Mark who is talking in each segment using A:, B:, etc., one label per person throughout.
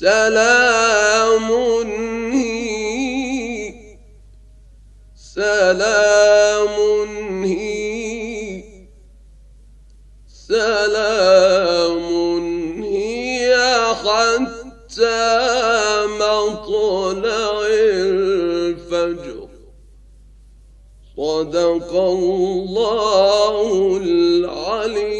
A: سلام هي سلام هي سلام هي حتى مطلع الفجر صدق الله العليم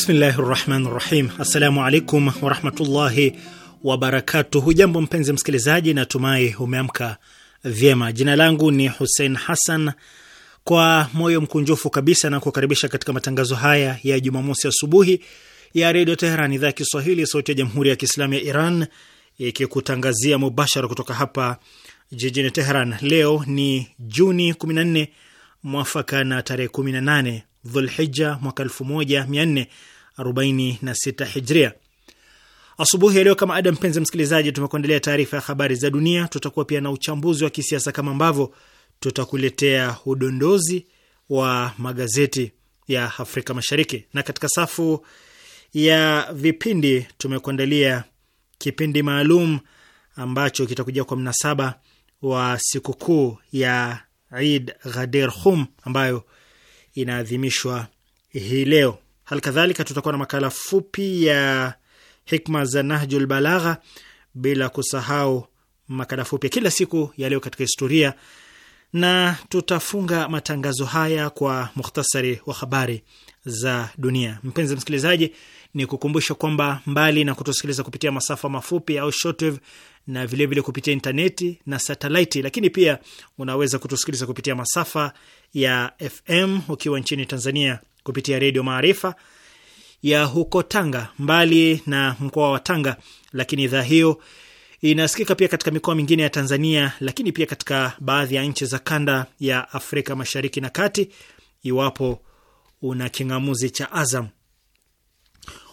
B: Bismillahi rahmani rahim. Assalamu alaikum warahmatullahi wabarakatuh. Hujambo mpenzi msikilizaji, natumai umeamka vyema. Jina langu ni Hussein Hassan, kwa moyo mkunjufu kabisa na kukaribisha katika matangazo haya ya Jumamosi asubuhi ya Redio Teheran, idhaa ya Kiswahili, sauti ya Jamhuri ya Kiislamu ya Iran, ikikutangazia mubashara kutoka hapa jijini Teheran. Leo ni Juni 14 mwafaka na tarehe 18 Dhulhija mwaka 46 hijria. Asubuhi ya leo kama ada, mpenzi msikilizaji, tumekuandalia taarifa ya habari za dunia. Tutakuwa pia na uchambuzi wa kisiasa kama ambavyo tutakuletea udondozi wa magazeti ya Afrika Mashariki, na katika safu ya vipindi tumekuandalia kipindi maalum ambacho kitakuja kwa mnasaba wa sikukuu ya Eid Ghadir Khum ambayo inaadhimishwa hii leo. Halikadhalika tutakuwa na makala fupi ya hikma za Nahjul Balagha, bila kusahau makala fupi ya kila siku ya leo katika historia, na tutafunga matangazo haya kwa mukhtasari wa habari za dunia. Mpenzi msikilizaji, ni kukumbusha kwamba mbali na kutusikiliza kupitia masafa mafupi au shortwave na vilevile vile kupitia intaneti na satelaiti, lakini pia unaweza kutusikiliza kupitia masafa ya FM ukiwa nchini Tanzania kupitia Redio Maarifa ya huko Tanga, mbali na mkoa wa Tanga, lakini idhaa hiyo inasikika pia katika mikoa mingine ya Tanzania, lakini pia katika baadhi ya nchi za kanda ya Afrika Mashariki na Kati, iwapo una kingamuzi cha Azam.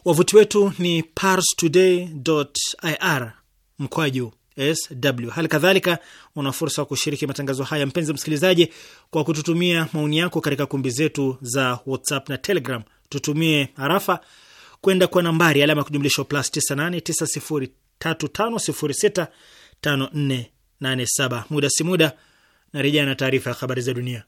B: Wavuti wetu ni parstoday.ir mkwaju sw. Hali kadhalika una fursa wa kushiriki matangazo haya, mpenzi msikilizaji, kwa kututumia maoni yako katika kumbi zetu za WhatsApp na Telegram. Tutumie harafa kwenda kwa nambari alama ya kujumlisha plus 989035065487. Muda si muda na na taarifa ya habari za dunia.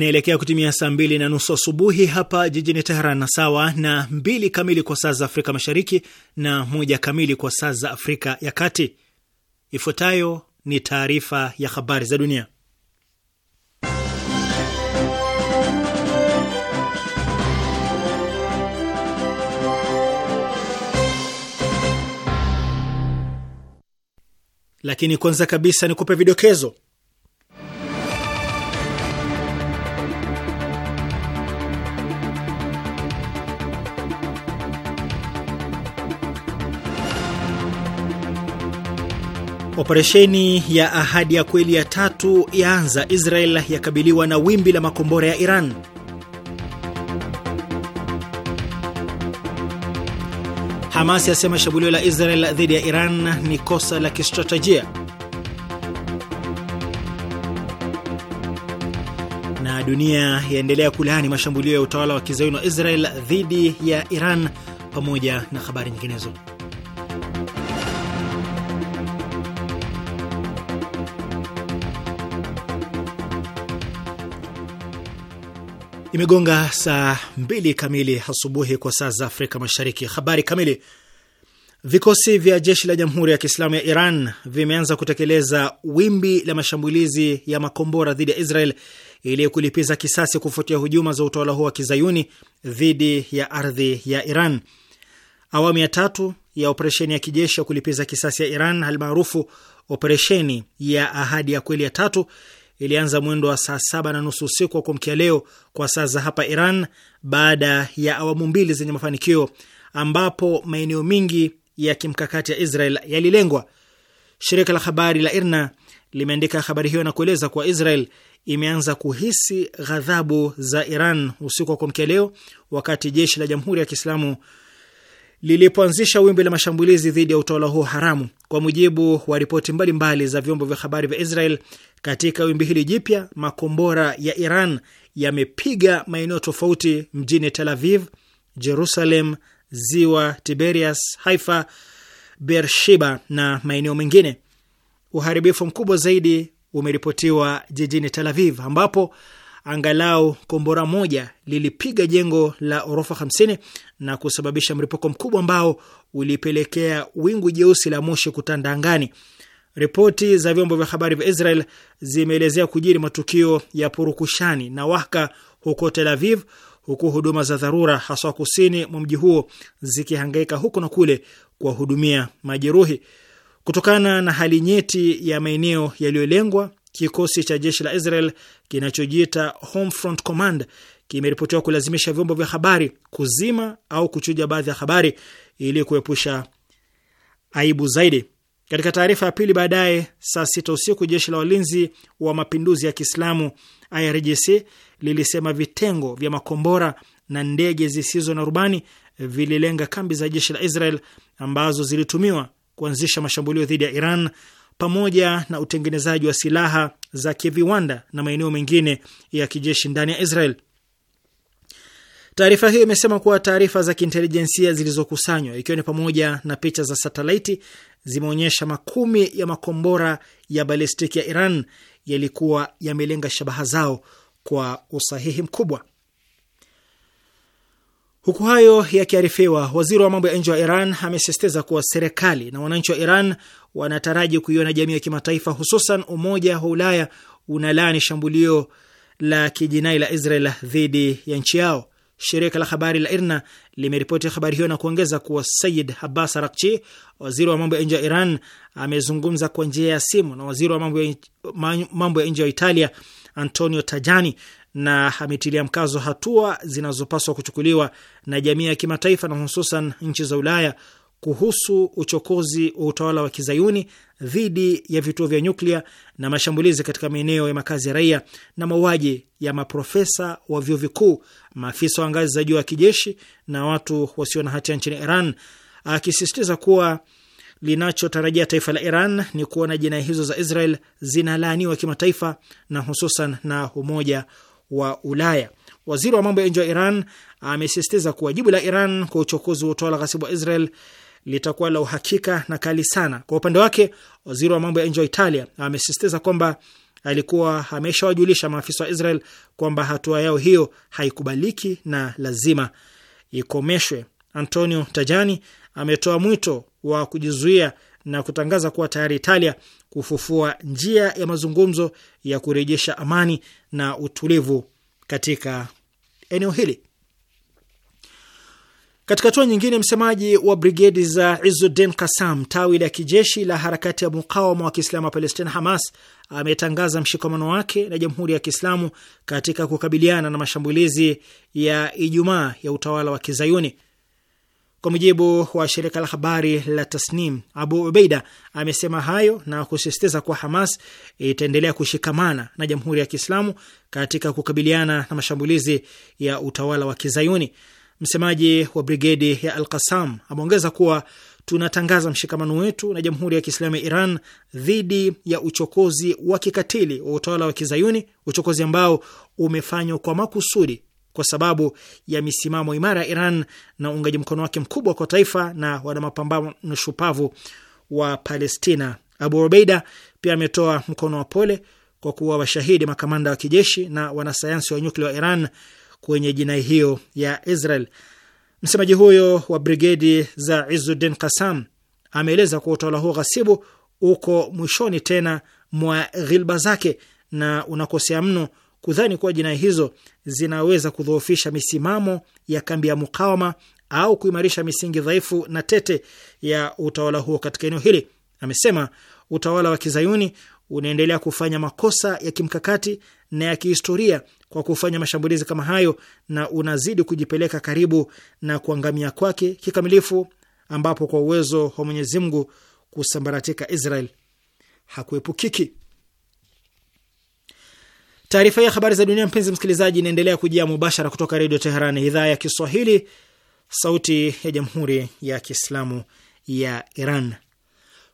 B: inaelekea kutimia saa mbili na nusu asubuhi hapa jijini Teheran, na sawa na mbili kamili kwa saa za Afrika Mashariki na moja kamili kwa saa za Afrika ya Kati. Ifuatayo ni taarifa ya habari za dunia, lakini kwanza kabisa ni kupe vidokezo Operesheni ya Ahadi ya Kweli ya tatu yaanza, Israel yakabiliwa na wimbi la makombora ya Iran. Hamas yasema shambulio la Israel dhidi ya Iran ni kosa la kistratejia. Na dunia yaendelea kulaani mashambulio ya utawala wa kizayuni wa Israel dhidi ya Iran pamoja na habari nyinginezo. Imegonga saa mbili kamili asubuhi kwa saa za Afrika Mashariki. Habari kamili. Vikosi vya jeshi la Jamhuri ya Kiislamu ya Iran vimeanza kutekeleza wimbi la mashambulizi ya makombora dhidi ya Israel ili kulipiza kisasi kufuatia hujuma za utawala huo wa kizayuni dhidi ya ardhi ya Iran. Awamu ya tatu ya operesheni ya kijeshi ya kulipiza kisasi ya Iran almaarufu operesheni ya Ahadi ya Kweli ya tatu ilianza mwendo wa saa saba na nusu usiku wa kuamkia leo kwa saa za hapa Iran, baada ya awamu mbili zenye mafanikio ambapo maeneo mingi ya kimkakati ya Israel yalilengwa. Shirika la habari la IRNA limeandika habari hiyo na kueleza kuwa Israel imeanza kuhisi ghadhabu za Iran usiku wa kuamkia leo, wakati jeshi la Jamhuri ya Kiislamu lilipoanzisha wimbi la mashambulizi dhidi ya utawala huo haramu. Kwa mujibu wa ripoti mbalimbali za vyombo vya habari vya Israel, katika wimbi hili jipya makombora ya Iran yamepiga maeneo tofauti mjini Tel Aviv, Jerusalem, ziwa Tiberias, Haifa, Beersheba na maeneo mengine. Uharibifu mkubwa zaidi umeripotiwa jijini Tel Aviv ambapo angalau kombora moja lilipiga jengo la ghorofa 50 na kusababisha mlipuko mkubwa ambao ulipelekea wingu jeusi la moshi kutanda angani. Ripoti za vyombo vya habari vya Israel zimeelezea kujiri matukio ya purukushani na waka huko Tel Aviv, huku huduma za dharura haswa kusini mwa mji huo zikihangaika huku na kule kuwahudumia majeruhi. Kutokana na hali nyeti ya maeneo yaliyolengwa, kikosi cha jeshi la Israel kinachojiita Home Front Command kimeripotiwa kulazimisha vyombo vya habari kuzima au kuchuja baadhi ya habari ili kuepusha aibu zaidi. Katika taarifa ya pili baadaye saa sita usiku, jeshi la walinzi wa mapinduzi ya Kiislamu IRGC lilisema vitengo vya makombora na ndege zisizo na rubani vililenga kambi za jeshi la Israel ambazo zilitumiwa kuanzisha mashambulio dhidi ya Iran pamoja na utengenezaji wa silaha za kiviwanda na maeneo mengine ya kijeshi ndani ya Israel. Taarifa hiyo imesema kuwa taarifa za kiintelijensia zilizokusanywa ikiwa ni pamoja na picha za satelaiti zimeonyesha makumi ya makombora ya balistiki ya Iran yalikuwa yamelenga shabaha zao kwa usahihi mkubwa. Huku hayo yakiarifiwa, waziri wa mambo ya nje wa Iran amesisitiza kuwa serikali na wananchi wa Iran wanataraji kuiona jamii ya kimataifa, hususan Umoja wa Ulaya, unalaani shambulio la kijinai la Israel dhidi ya nchi yao. Shirika la habari la IRNA limeripoti habari hiyo na kuongeza kuwa Sayid Abbas Arakchi, waziri wa mambo ya nje wa Iran, amezungumza kwa njia ya simu na waziri wa mambo ya nje wa Italia Antonio Tajani na ametilia mkazo hatua zinazopaswa kuchukuliwa na jamii ya kimataifa na hususan nchi za Ulaya kuhusu uchokozi wa utawala wa kizayuni dhidi ya vituo vya nyuklia na mashambulizi katika maeneo ya makazi ya raia na mauaji ya maprofesa wa vyuo vikuu, maafisa wa ngazi za juu wa kijeshi na watu wasio na hatia nchini Iran, akisisitiza kuwa linachotarajia taifa la Iran ni kuona jinai hizo za Israel zinalaaniwa kimataifa na hususan na Umoja wa Ulaya. Waziri wa mambo ya nje wa Iran amesisitiza kuwa jibu la Iran kwa uchokozi wa utawala ghasibu wa Israel litakuwa la uhakika na kali sana. Kwa upande wake, waziri wa mambo ya nje wa Italia amesisitiza kwamba alikuwa ameshawajulisha maafisa wa Israel kwamba hatua yao hiyo haikubaliki na lazima ikomeshwe. Antonio Tajani ametoa mwito wa kujizuia na kutangaza kuwa tayari Italia kufufua njia ya mazungumzo ya kurejesha amani na utulivu katika eneo hili. Katika hatua nyingine, msemaji wa brigedi za izudin Kasam, tawi la kijeshi la harakati ya mukawama wa kiislamu wa Palestina, Hamas, ametangaza mshikamano wake na jamhuri ya kiislamu katika kukabiliana na mashambulizi ya Ijumaa ya utawala wa kizayuni. Kwa mujibu wa shirika la habari la Tasnim, Abu Ubeida amesema hayo na kusisitiza kuwa Hamas itaendelea kushikamana na jamhuri ya kiislamu katika kukabiliana na mashambulizi ya utawala wa kizayuni. Msemaji wa brigedi ya Al-Qassam ameongeza kuwa tunatangaza mshikamano wetu na Jamhuri ya Kiislamu ya Iran dhidi ya uchokozi wa kikatili wa utawala wa Kizayuni, uchokozi ambao umefanywa kwa makusudi kwa sababu ya misimamo imara ya Iran na uungaji mkono wake mkubwa kwa taifa na wana mapambano shupavu wa Palestina. Abu Obeida pia ametoa mkono wa pole kwa kuwa washahidi makamanda wa kijeshi na wanasayansi wa nyuklia wa Iran kwenye jinai hiyo ya Israel. Msemaji huyo wa brigedi za Izuddin Kasam ameeleza kuwa utawala huo ghasibu uko mwishoni tena mwa ghilba zake na unakosea mno kudhani kuwa jinai hizo zinaweza kudhoofisha misimamo ya kambi ya mukawama au kuimarisha misingi dhaifu na tete ya utawala huo katika eneo hili. Amesema utawala wa kizayuni unaendelea kufanya makosa ya kimkakati na ya kihistoria kwa kufanya mashambulizi kama hayo, na unazidi kujipeleka karibu na kuangamia kwake kikamilifu, ambapo kwa uwezo wa Mwenyezi Mungu kusambaratika Israel hakuepukiki. Taarifa ya habari za dunia, mpenzi msikilizaji, inaendelea kujia mubashara kutoka Redio Teheran, idhaa ya Kiswahili, sauti ya Jamhuri ya Kiislamu ya Iran.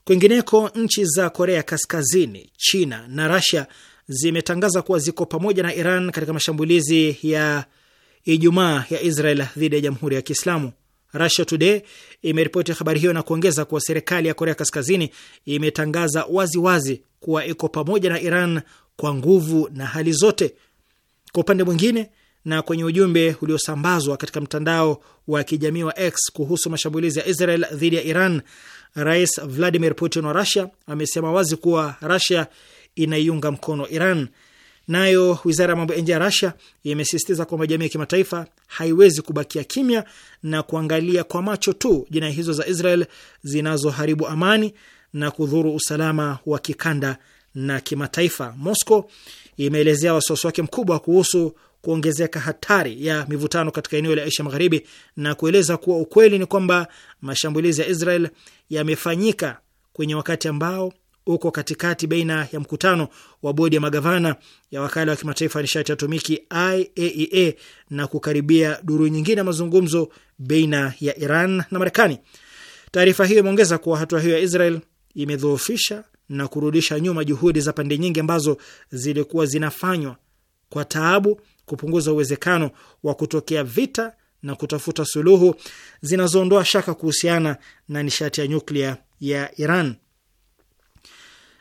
B: Kwingineko, nchi za Korea Kaskazini, China na Rasia zimetangaza kuwa ziko pamoja na Iran katika mashambulizi ya Ijumaa ya Israel dhidi ya Jamhuri ya Kiislamu. Russia Today imeripoti habari hiyo na kuongeza kuwa serikali ya Korea Kaskazini imetangaza waziwazi wazi kuwa iko pamoja na Iran kwa nguvu na hali zote. Kwa upande mwingine, na kwenye ujumbe uliosambazwa katika mtandao wa kijamii wa X kuhusu mashambulizi ya Israel dhidi ya Iran, Rais Vladimir Putin wa Russia amesema wazi kuwa Russia inaiunga mkono Iran. Nayo wizara ya mambo ya nje ya Rasia imesisitiza kwamba jamii ya kimataifa haiwezi kubakia kimya na kuangalia kwa macho tu jinai hizo za Israel zinazoharibu amani na kudhuru usalama wa kikanda na kimataifa. Mosco imeelezea wasiwasi wake mkubwa kuhusu kuongezeka hatari ya mivutano katika eneo la Asia Magharibi na kueleza kuwa ukweli ni kwamba mashambulizi ya Israel yamefanyika kwenye wakati ambao uko katikati baina ya mkutano wa bodi ya magavana ya wakala wa kimataifa ya nishati atomiki IAEA e na kukaribia duru nyingine ya mazungumzo baina ya Iran na Marekani. Taarifa hiyo imeongeza kuwa hatua hiyo ya Israel imedhoofisha na kurudisha nyuma juhudi za pande nyingi ambazo zilikuwa zinafanywa kwa taabu kupunguza uwezekano wa kutokea vita na kutafuta suluhu zinazoondoa shaka kuhusiana na nishati ya nyuklia ya Iran.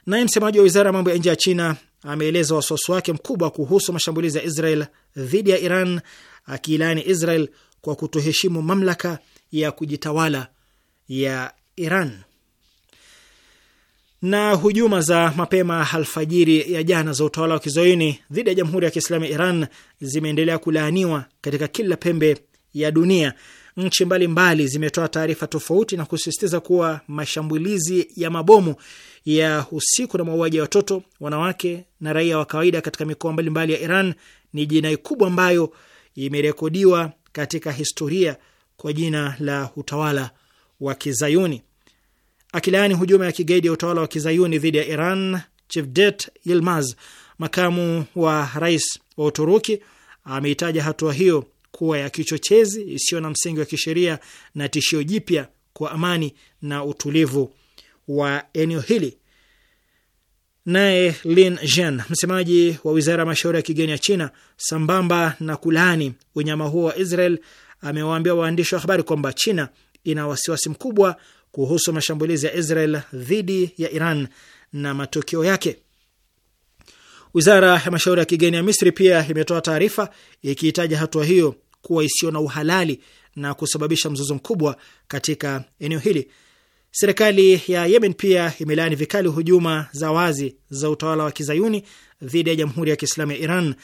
B: Naye msemaji wa wizara ya mambo ya nje ya China ameeleza wasiwasi wake mkubwa kuhusu mashambulizi ya Israel dhidi ya Iran, akiilaani Israel kwa kutoheshimu mamlaka ya kujitawala ya Iran. Na hujuma za mapema alfajiri ya jana za utawala wa kizoini dhidi ya Jamhuri ya Kiislamu ya Iran zimeendelea kulaaniwa katika kila pembe ya dunia nchi mbalimbali zimetoa taarifa tofauti na kusisitiza kuwa mashambulizi ya mabomu ya usiku na mauaji ya watoto, wanawake na raia wa kawaida katika mikoa mbalimbali ya Iran ni jinai kubwa ambayo imerekodiwa katika historia kwa jina la utawala wa Kizayuni. Akilaani hujuma ya kigaidi ya utawala wa Kizayuni dhidi ya Iran, Cevdet Yilmaz, makamu wa rais wa Uturuki, ameitaja hatua hiyo kuwa ya kichochezi isiyo na msingi wa kisheria na tishio jipya kwa amani na utulivu wa eneo hili. Naye Lin Jen, msemaji wa wizara ya mashauri ya kigeni ya China, sambamba na kulaani unyama huo wa Israel, amewaambia waandishi wa habari kwamba China ina wasiwasi mkubwa kuhusu mashambulizi ya Israel dhidi ya Iran na matokeo yake. Wizara ya mashauri ya kigeni ya Misri pia imetoa taarifa ikihitaja hatua hiyo kuwa isiyo na uhalali na kusababisha mzozo mkubwa katika eneo hili. Serikali ya Yemen pia imelaani vikali hujuma za wazi za utawala wa kizayuni dhidi ya Jamhuri ya Kiislamu ya Iran.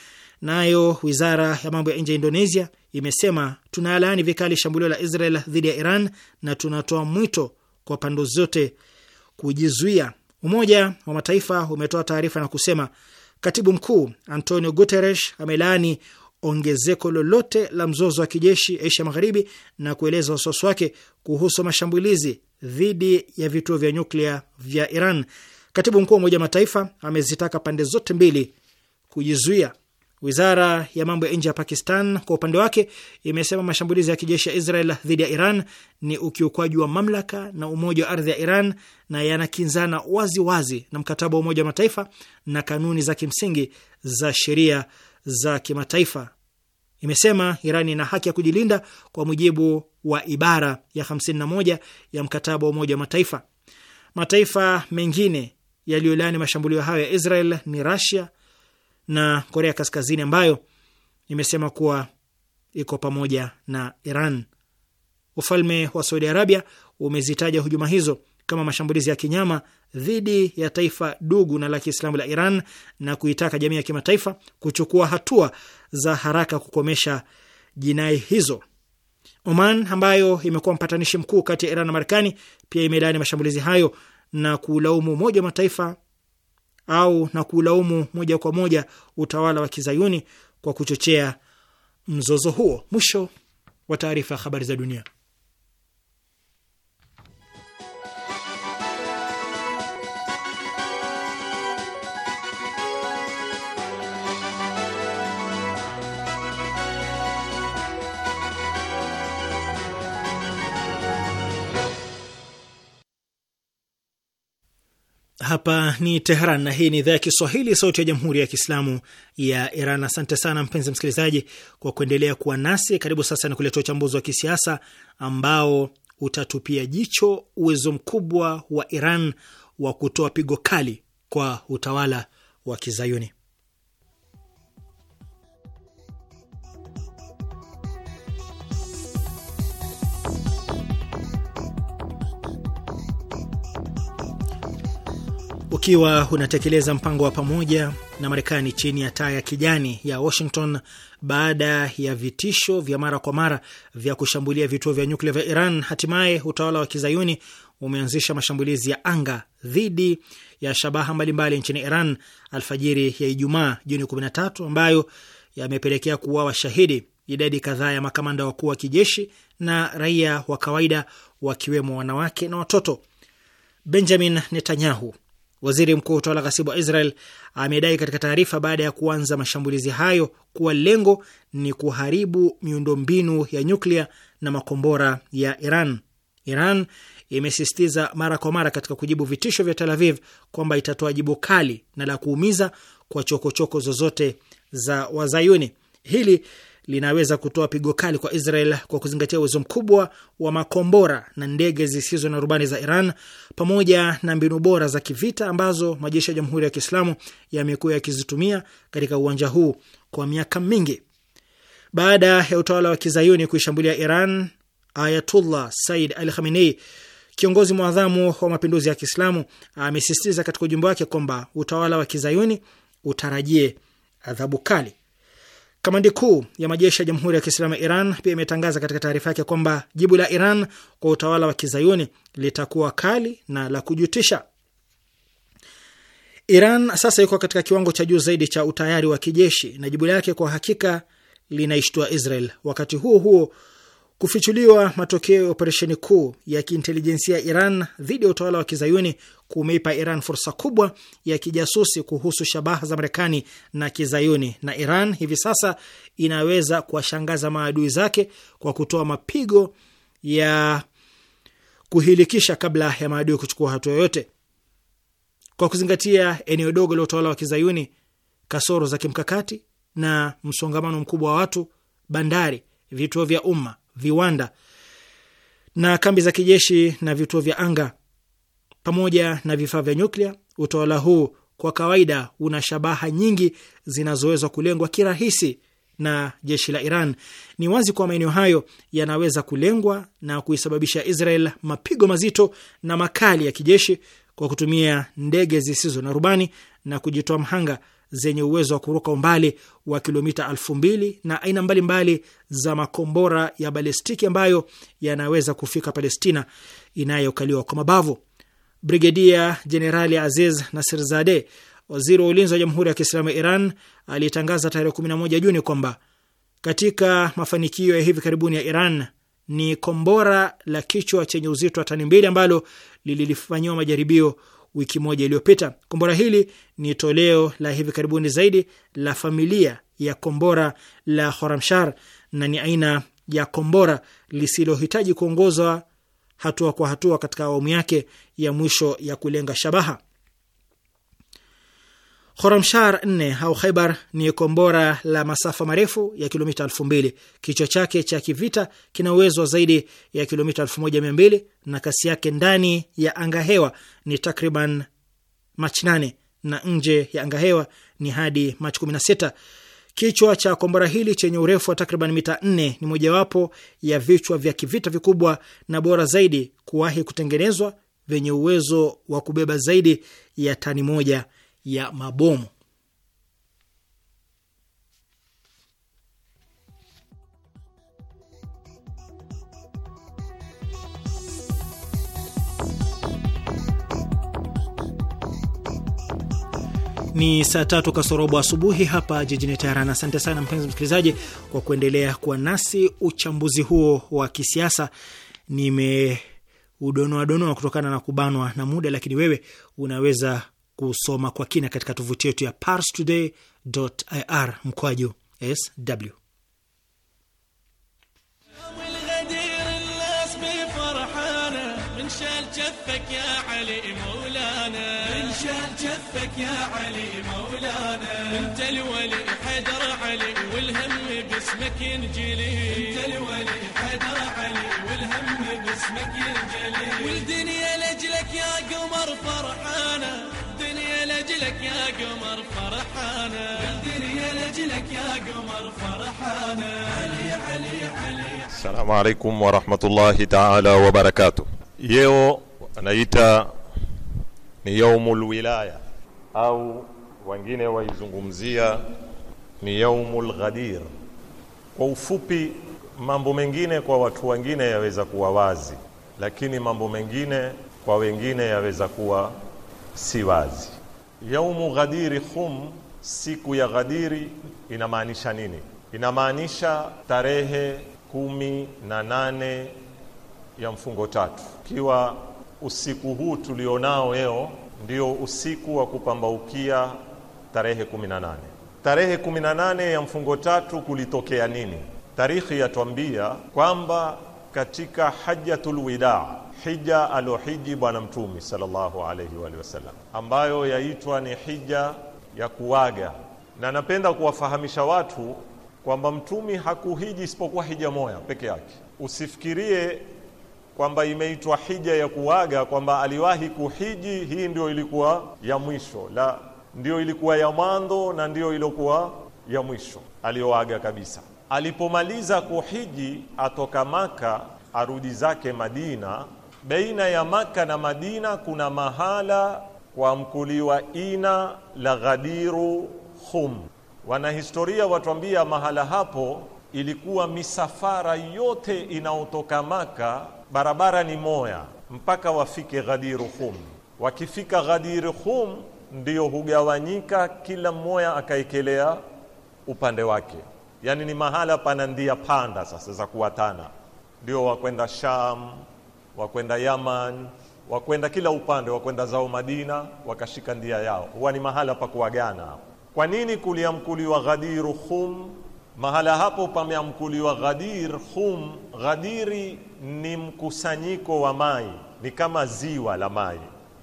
B: Nayo na wizara ya mambo ya nje ya Indonesia imesema tunalaani vikali shambulio la Israel dhidi ya Iran na tunatoa mwito kwa pande zote kujizuia. Umoja wa Mataifa umetoa taarifa na kusema katibu mkuu Antonio Guterres amelaani ongezeko lolote la mzozo wa kijeshi Asia Magharibi na kueleza wasiwasi wake kuhusu mashambulizi dhidi ya vituo vya nyuklia vya Iran. Katibu mkuu wa Umoja wa Mataifa amezitaka pande zote mbili kujizuia. Wizara ya mambo ya nje ya Pakistan kwa upande wake imesema mashambulizi ya kijeshi ya Israel dhidi ya Iran ni ukiukwaji wa mamlaka na umoja wa ardhi ya Iran na yanakinzana wazi wazi na mkataba wa Umoja wa Mataifa na kanuni za kimsingi za sheria za kimataifa. Imesema Iran ina haki ya kujilinda kwa mujibu wa ibara ya 51 ya mkataba wa Umoja wa Mataifa. Mataifa mengine yaliyolaani mashambulio hayo ya Israel ni rasia na Korea Kaskazini, ambayo imesema kuwa iko pamoja na Iran. Ufalme wa Saudi Arabia umezitaja hujuma hizo kama mashambulizi ya kinyama dhidi ya taifa dugu na la Kiislamu la Iran na kuitaka jamii ya kimataifa kuchukua hatua za haraka kukomesha jinai hizo. Oman ambayo imekuwa mpatanishi mkuu kati ya Iran na Marekani pia imedani mashambulizi hayo na kuulaumu Umoja wa Mataifa au na kuulaumu moja kwa moja utawala wa kizayuni kwa kuchochea mzozo huo. Mwisho wa taarifa ya habari za dunia. Hapa ni Teheran na hii ni idhaa ya Kiswahili, sauti ya jamhuri ya kiislamu ya Iran. Asante sana mpenzi msikilizaji kwa kuendelea kuwa nasi. Karibu sasa ni kuletea uchambuzi wa kisiasa ambao utatupia jicho uwezo mkubwa wa Iran wa kutoa pigo kali kwa utawala wa Kizayuni. ukiwa unatekeleza mpango wa pamoja na Marekani chini ya taa ya kijani ya Washington baada ya vitisho vya mara kwa mara vya kushambulia vituo vya nyuklia vya Iran, hatimaye utawala wa kizayuni umeanzisha mashambulizi ya anga dhidi ya shabaha mbalimbali nchini Iran alfajiri ya Ijumaa Juni 13 ambayo yamepelekea kuwa washahidi idadi kadhaa ya makamanda wakuu wa kijeshi na raia wa kawaida wakiwemo wanawake na watoto. Benjamin Netanyahu Waziri mkuu wa utawala ghasibu wa Israel amedai katika taarifa baada ya kuanza mashambulizi hayo kuwa lengo ni kuharibu miundombinu ya nyuklia na makombora ya Iran. Iran imesisitiza mara kwa mara katika kujibu vitisho vya Tel Aviv kwamba itatoa jibu kali na la kuumiza kwa chokochoko -choko zozote za Wazayuni. Hili linaweza kutoa pigo kali kwa Israel kwa kuzingatia uwezo mkubwa wa makombora na ndege zisizo na rubani za Iran pamoja na mbinu bora za kivita ambazo majeshi ya Jamhuri ya Kiislamu yamekuwa yakizitumia katika uwanja huu kwa miaka mingi. Baada ya utawala wa kizayuni kuishambulia Iran, Ayatullah Said Al Khamenei, kiongozi mwadhamu wa mapinduzi ya Kiislamu, amesisitiza katika ujumbe wake kwamba utawala wa kizayuni utarajie adhabu kali. Kamandi kuu ya majeshi ya Jamhuri ya Kiislamu ya Iran pia imetangaza katika taarifa yake kwamba jibu la Iran kwa utawala wa kizayuni litakuwa kali na la kujutisha. Iran sasa iko katika kiwango cha juu zaidi cha utayari wa kijeshi na jibu lake kwa hakika linaishtua Israel. Wakati huo huo, kufichuliwa matokeo ya operesheni kuu ya kiintelijensia Iran dhidi ya utawala wa kizayuni kumeipa Iran fursa kubwa ya kijasusi kuhusu shabaha za Marekani na kizayuni, na Iran hivi sasa inaweza kuwashangaza maadui zake kwa kutoa mapigo ya kuhilikisha kabla ya maadui kuchukua hatua yoyote. Kwa kuzingatia eneo dogo la utawala wa kizayuni, kasoro za kimkakati na msongamano mkubwa wa watu, bandari, vituo vya umma, viwanda na kambi za kijeshi na vituo vya anga pamoja na vifaa vya nyuklia, utawala huu kwa kawaida una shabaha nyingi zinazoweza kulengwa kirahisi na jeshi la Iran. Ni wazi kuwa maeneo hayo yanaweza kulengwa na kuisababisha Israel mapigo mazito na makali ya kijeshi kwa kutumia ndege zisizo na rubani na kujitoa mhanga zenye uwezo wa kuruka umbali wa kilomita elfu mbili na aina mbalimbali mbali za makombora ya balistiki ambayo yanaweza kufika Palestina inayokaliwa kwa mabavu. Brigedia Jenerali Aziz nasir zade waziri wa ulinzi wa Jamhuri ya Kiislamu ya Iran, alitangaza tarehe 11 Juni kwamba katika mafanikio ya hivi karibuni ya Iran ni kombora la kichwa chenye uzito wa tani mbili ambalo lilifanyiwa majaribio wiki moja iliyopita. Kombora hili ni toleo la hivi karibuni zaidi la familia ya kombora la Horamshar na ni aina ya kombora lisilohitaji kuongozwa hatua kwa hatua katika awamu yake ya mwisho ya kulenga shabaha. Khoramshar nne au Khaibar ni kombora la masafa marefu ya kilomita elfu mbili. Kichwa chake cha kivita kina uwezo zaidi ya kilomita elfu moja mia mbili na kasi yake ndani ya angahewa ni takriban Machi 8 na nje ya angahewa ni hadi Machi 16. Kichwa cha kombora hili chenye urefu wa takriban mita 4 ni mojawapo ya vichwa vya kivita vikubwa na bora zaidi kuwahi kutengenezwa vyenye uwezo wa kubeba zaidi ya tani moja ya mabomu. Ni saa tatu kasorobo asubuhi hapa jijini Teheran. Asante sana mpenzi msikilizaji kwa kuendelea kuwa nasi. Uchambuzi huo wa kisiasa nimeudonoadonoa kutokana na kubanwa na muda, lakini wewe unaweza kusoma kwa kina katika tovuti yetu ya parstoday.ir juu sw
C: علي مولانا انت الولي حيدر علي والهم باسمك ينجلي انت الولي حيدر علي والهم باسمك ينجلي والدنيا لاجلك يا قمر
A: فرحانه الدنيا لاجلك يا قمر فرحانه الدنيا لاجلك يا قمر فرحانه
D: علي علي علي السلام عليكم ورحمه الله تعالى وبركاته يو anaita ni yaumul wilaya au wengine waizungumzia ni yaumul ghadir. Kwa ufupi, mambo mengine kwa watu wengine yaweza kuwa wazi, lakini mambo mengine kwa wengine yaweza kuwa si wazi. Yaumu ghadiri khum, siku ya ghadiri inamaanisha nini? Inamaanisha tarehe kumi na nane ya mfungo tatu, ikiwa usiku huu tulionao leo ndio usiku wa kupambaukia tarehe 18. Tarehe 18 ya mfungo tatu kulitokea nini? Tarikhi yatwambia kwamba katika hajjatul wida, hija alohiji Bwana Mtume sallallahu alayhi wa sallam, ambayo yaitwa ni hija ya kuaga, na napenda kuwafahamisha watu kwamba Mtume hakuhiji isipokuwa hija moja peke yake. Usifikirie kwamba imeitwa hija ya kuaga, kwamba aliwahi kuhiji. Hii ndio ilikuwa ya mwisho, la ndio ilikuwa ya mwanzo na ndio iliokuwa ya mwisho aliyoaga kabisa. Alipomaliza kuhiji, atoka Maka arudi zake Madina. Baina ya Maka na Madina kuna mahala kwa mkuliwa ina la Ghadiru Khum. Wanahistoria watuambia mahala hapo ilikuwa misafara yote inaotoka Maka barabara ni moya mpaka wafike Ghadir Khum. Wakifika Ghadir Khum ndio hugawanyika, kila mmoja akaekelea upande wake, yaani ni mahala pana ndia panda sasa za kuwatana, ndio wakwenda Sham, wakwenda Yaman, wakwenda kila upande, wakwenda zao Madina, wakashika ndia yao. Huwa ni mahala pa kuagana. Kwa nini kuliamkuliwa Ghadir Khum? Mahala hapo pameamkuliwa ghadir Khum. Ghadiri ni mkusanyiko wa mai, ni kama ziwa la mai,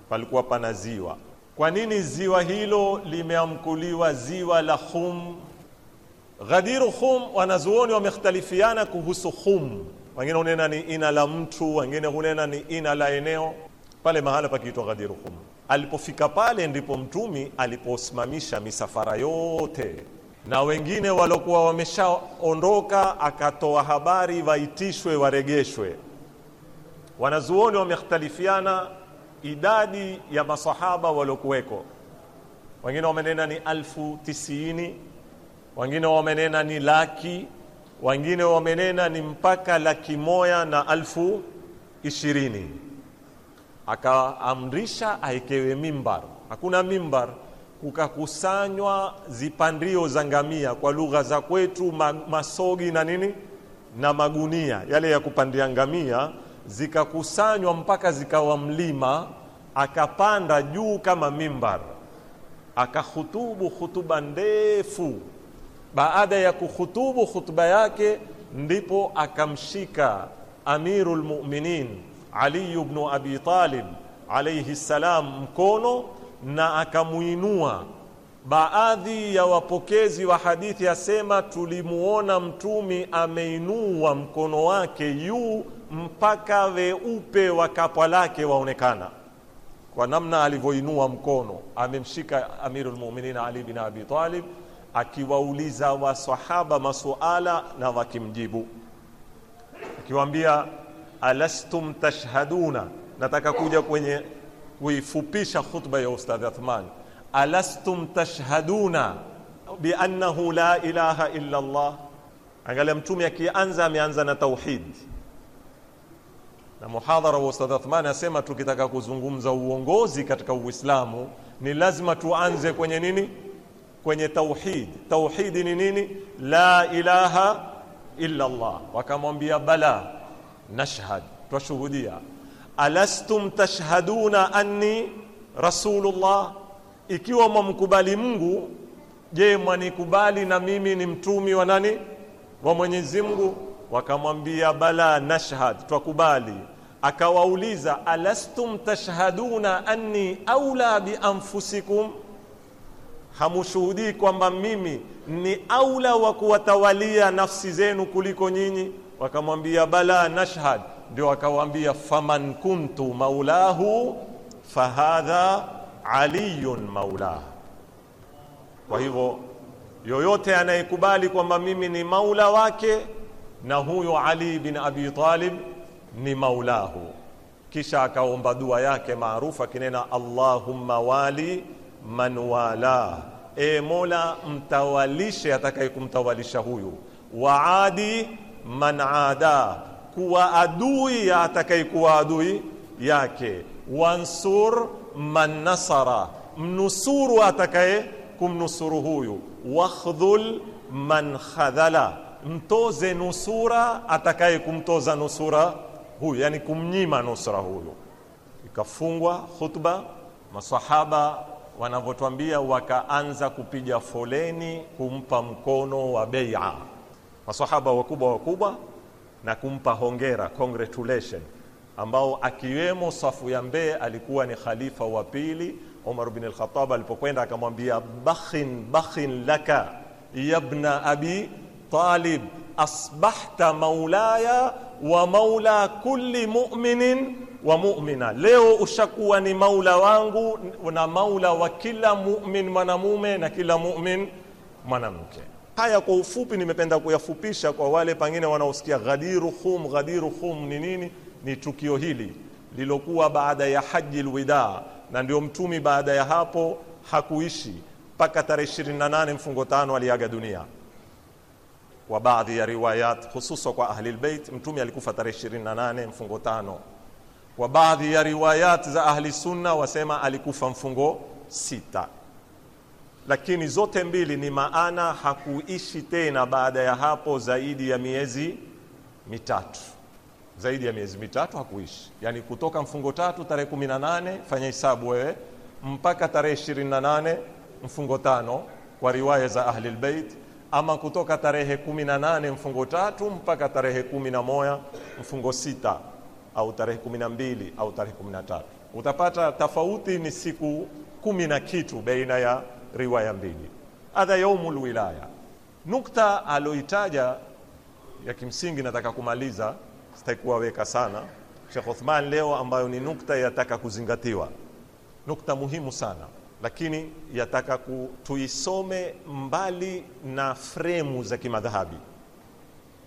D: palikuwa pana ziwa. Kwa nini ziwa hilo limeamkuliwa ziwa la hum? Ghadiru khum wanazuoni wamekhtalifiana kuhusu khum Wengine hunena ni ina la mtu, wengine hunena ni ina la eneo. Pale mahala pakiitwa Ghadir hum. Alipofika pale ndipo mtumi aliposimamisha misafara yote na wengine waliokuwa wameshaondoka akatoa habari waitishwe waregeshwe. Wanazuoni wamekhtalifiana idadi ya masahaba waliokuweko, wengine wamenena ni alfu tisini, wengine wamenena ni laki, wengine wamenena ni mpaka laki moya na alfu ishirini. Akaamrisha aekewe mimbar, hakuna mimbar kukakusanywa zipandio za ngamia, kwa lugha za kwetu masogi na nini na magunia yale ya kupandia ngamia, zikakusanywa mpaka zikawa mlima, akapanda juu kama mimbar, akahutubu hutuba ndefu. Baada ya kuhutubu hutuba yake, ndipo akamshika Amirul Mu'minin Ali ibn Abi Talib alayhi salam mkono na akamuinua. Baadhi ya wapokezi wa hadithi asema tulimuona mtumi ameinua mkono wake juu mpaka weupe wa kapwa lake waonekana, kwa namna alivyoinua mkono amemshika Amirul Mu'minin Ali bin Abi Talib, akiwauliza wasahaba masuala na wakimjibu, akiwaambia alastum tashhaduna, nataka kuja kwenye kuifupisha khutba ya Ustadh Athman, alastum tashhaduna annahu la ilaha illa Allah. Angalia mtume akianza, ameanza na tauhid, na muhadhara wa Ustadh Athman asema tukitaka kuzungumza uongozi katika Uislamu ni lazima tuanze kwenye nini? Kwenye tauhid. Tauhid ni nini? La ilaha illa Allah. Wakamwambia bala nashhad, twashuhudia alastum tashhaduna anni rasulullah, ikiwa mwamkubali Mungu, je, mwanikubali na mimi ni mtumi wa nani? Wa Mwenyezi Mungu. Wakamwambia bala nashhad, twakubali. Akawauliza alastum tashhaduna anni aula bi anfusikum, hamushuhudii kwamba mimi ni aula wa kuwatawalia nafsi zenu kuliko nyinyi? Wakamwambia bala nashhad ndio akawaambia faman kuntu maulahu fahadha aliyun maulah. Kwa hivyo yoyote anayekubali kwamba mimi ni maula wake na huyo Ali bin Abi Talib ni maulahu. Kisha akaomba dua yake maarufu akinena, Allahumma wali man wala, e Mola mtawalishe atakaye kumtawalisha huyu, waadi man ada kuwa adui ya atakayekuwa adui yake wansur man nasara mnusuru atakaye kumnusuru huyu wakhdhul man khadhala mtoze nusura atakaye kumtoza nusura huyu yani kumnyima nusura huyu ikafungwa khutba masahaba wanavyotwambia wakaanza kupiga foleni kumpa mkono wa beia masahaba wakubwa wakubwa na kumpa hongera congratulation, ambao akiwemo safu ya mbee alikuwa ni khalifa wa pili Umar bin al-Khattab alipokwenda akamwambia, bakhin bakhin laka yabna abi Talib asbahta maulaya wa maula kulli mu'minin wa mu'mina, leo ushakuwa ni maula wangu na maula wa kila mu'min mwanamume na kila mu'min mwanamke. Haya kwa ufupi nimependa kuyafupisha kwa wale pengine wanaosikia Ghadiru Khum. Ghadiru Khum ni nini? Ni tukio hili lilokuwa baada ya haji alwida, na ndio mtumi baada ya hapo hakuishi mpaka tarehe 28 mfungo tano aliaga dunia. Kwa baadhi ya riwayat hususan kwa ahli albayt, mtumi alikufa tarehe 28 mfungo tano. Kwa baadhi ya riwayat za ahli sunna wasema alikufa mfungo sita lakini zote mbili ni maana hakuishi tena baada ya hapo zaidi ya miezi mitatu, zaidi ya miezi mitatu hakuishi, yani kutoka mfungo tatu tarehe kumi na nane fanya hesabu wewe mpaka tarehe ishirini na nane mfungo tano kwa riwaya za ahlilbeit ama kutoka tarehe kumi na nane mfungo tatu mpaka tarehe kumi na moja mfungo sita au tarehe kumi na mbili au tarehe kumi na tatu utapata tofauti ni siku kumi na kitu baina ya riwaya mbili adha yaumul wilaya nukta aloitaja ya kimsingi nataka kumaliza sitakuwaweka sana Sheikh Uthman leo ambayo ni nukta yataka kuzingatiwa nukta muhimu sana lakini yataka tuisome mbali na fremu za kimadhahabi